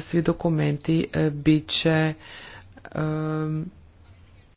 svi dokumenti e, bit će